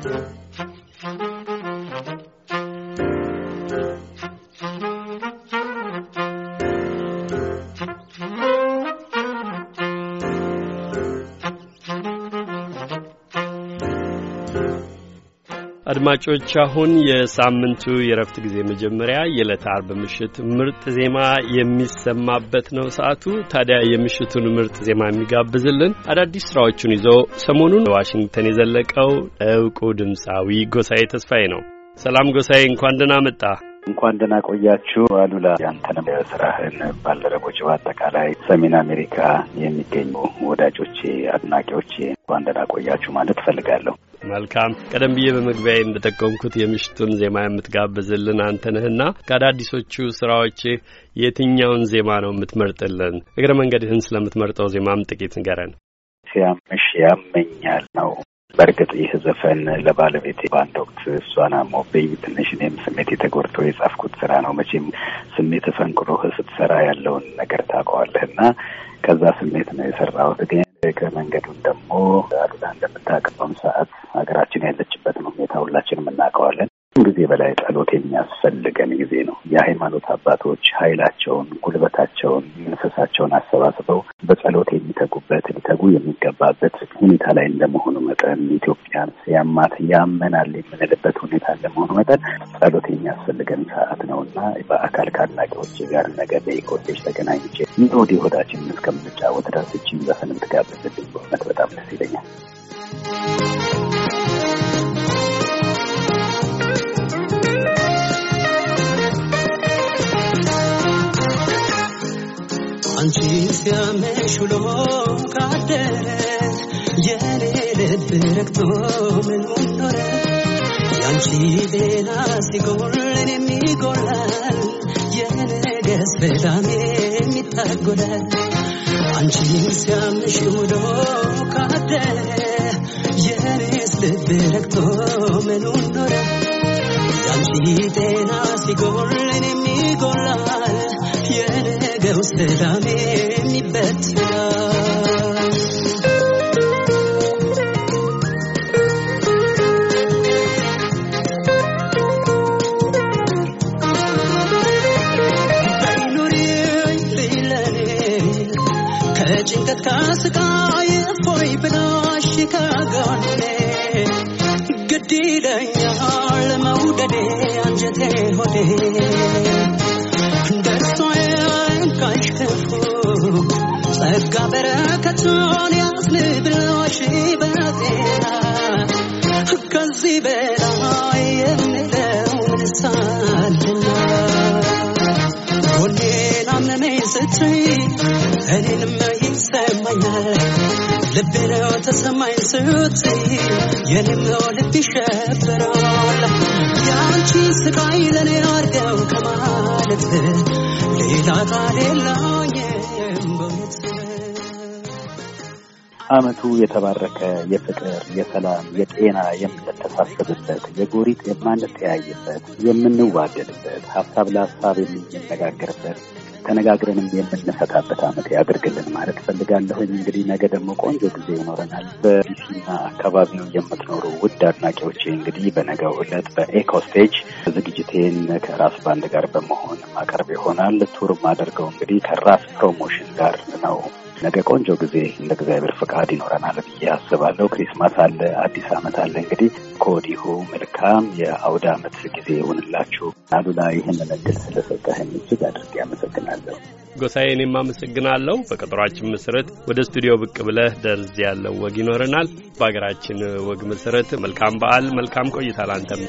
Thank you. አድማጮች አሁን የሳምንቱ የረፍት ጊዜ መጀመሪያ የዕለት አርብ ምሽት ምርጥ ዜማ የሚሰማበት ነው ሰዓቱ። ታዲያ የምሽቱን ምርጥ ዜማ የሚጋብዝልን አዳዲስ ስራዎቹን ይዞ ሰሞኑን ዋሽንግተን የዘለቀው እውቁ ድምፃዊ ጎሳዬ ተስፋዬ ነው። ሰላም ጎሳዬ፣ እንኳን ደህና መጣ። እንኳን ደህና ቆያችሁ አሉላ። ያንተንም ስራህን ባልደረቦች፣ በአጠቃላይ ሰሜን አሜሪካ የሚገኙ ወዳጆቼ፣ አድናቂዎቼ እንኳን ደህና ቆያችሁ ማለት እፈልጋለሁ። መልካም ቀደም ብዬ በመግቢያ እንደጠቀምኩት የምሽቱን ዜማ የምትጋብዝልን አንተ ነህና ከአዳዲሶቹ ስራዎች የትኛውን ዜማ ነው የምትመርጥልን? እግረ መንገድህን ስለምትመርጠው ዜማም ጥቂት ንገረን። ሲያምሽ ያመኛል ነው። በእርግጥ ይህ ዘፈን ለባለቤቴ በአንድ ወቅት እሷን አሞብኝ ትንሽ እኔም ስሜት የተጎድቶ የጻፍኩት ስራ ነው። መቼም ስሜት ፈንቅሮህ ስትሰራ ያለውን ነገር ታውቀዋለህ እና ከዛ ስሜት ነው የሰራሁት። ግን እግረ መንገዱን ደግሞ አሉላ እንደምታቀበም ሰዓት ሀሳባቸውን አሰባስበው በጸሎት የሚተጉበት ሊተጉ የሚገባበት ሁኔታ ላይ እንደመሆኑ መጠን ኢትዮጵያን ያማት ያመናል የምንልበት ሁኔታ እንደመሆኑ መጠን ጸሎት የሚያስፈልገን ሰዓት ነው እና በአካል ካላቂዎች ጋር ነገ በኢኮቴጅ ተገናኝቼ ኑሮ ወዲሆዳችን እስከምንጫወት ድረስ እችን በስንም ትጋብዝልኝ በእውነት በጣም ደስ ይለኛል። አንቺን ሲያመሽ ውሎ ካደረ የኔ ልብ ረግቶ ምን ኖረ ያንቺ ዜና ሲጎል እኔም ይጎላል የነገስ ሰላም የሚታጎላል አንቺን ሲያመሽ ውሎ ካደረ የኔስ ልብ ረግቶ ምን ኖረ ያንቺ ዜና ሲጎል እኔም የኔ ነው ሰላም የሚበትነው። ጭንቀት ከስቃይ ፎይ ብላሽ ከጎኔ ግድ ይለኛል መውደዴ አንጀቴ ሆዴ ጋበረከቱን ያስልብሎሽ በጤና ከዚህ በላይ የምለው ምሳልና ሁሌን አመመኝ ስትይ ይሰማኛል ልብ ነው ተሰማኝ ስትይ የኔም ልብ ይሸፍራል ያንቺ ስቃይ ለእኔ አርገው ከማለት ሌላ ታ ሌላ አመቱ የተባረከ የፍቅር፣ የሰላም፣ የጤና የምንተሳሰብበት፣ የጎሪጥ የማንተያይበት፣ የምንዋደድበት፣ ሀሳብ ለሀሳብ የምንነጋገርበት፣ ተነጋግረንም የምንፈታበት አመት ያድርግልን ማለት ፈልጋለሁኝ። እንግዲህ ነገ ደግሞ ቆንጆ ጊዜ ይኖረናል። በዲሲና አካባቢው የምትኖሩ ውድ አድናቂዎቼ እንግዲህ በነገው ዕለት በኤኮስቴጅ ዝግጅቴን ከራስ ባንድ ጋር በመሆን ማቀርብ ይሆናል። ቱር ማደርገው እንግዲህ ከራስ ፕሮሞሽን ጋር ነው። ነገ ቆንጆ ጊዜ እንደ እግዚአብሔር ፈቃድ ይኖረናል ብዬ አስባለሁ። ክሪስማስ አለ፣ አዲስ ዓመት አለ። እንግዲህ ከወዲሁ መልካም የአውደ ዓመት ጊዜ ይሆንላችሁ። አሉላ ይህንን እድል ስለሰጠህን እጅግ አድርጌ አመሰግናለሁ። ጎሳዬ እኔም አመሰግናለሁ። በቀጠሯችን መሰረት ወደ ስቱዲዮ ብቅ ብለህ ደርዝ ያለው ወግ ይኖረናል። በሀገራችን ወግ መሰረት መልካም በዓል፣ መልካም ቆይታ ላንተም።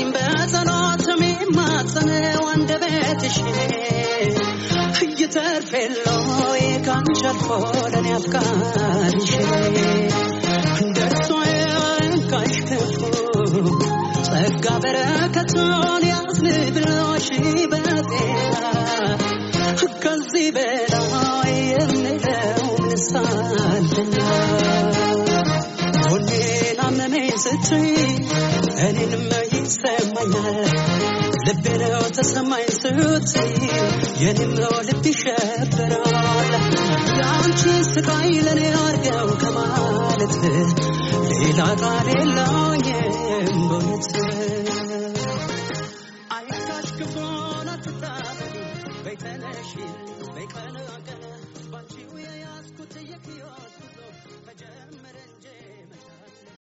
ዛሬም በጸሎት የሚማጸነው አንድ ቤትሽ እየተርፍ ለኔ አፍቃሪሽ ክፉ ጸጋ በረከቱን በጤና ከዚህ በላይ የምለው ስትይ ይሰማኛል ልቤ ነው ተሰማኝ ስቲ የኔም ነው ልብ ይሸበራል የአንቺ ስቃይ ለእኔ አርገው ከማለት ሌላ ቃል የለውም አይታሽ ክፉን አትጣ በይተነሽ በይቀን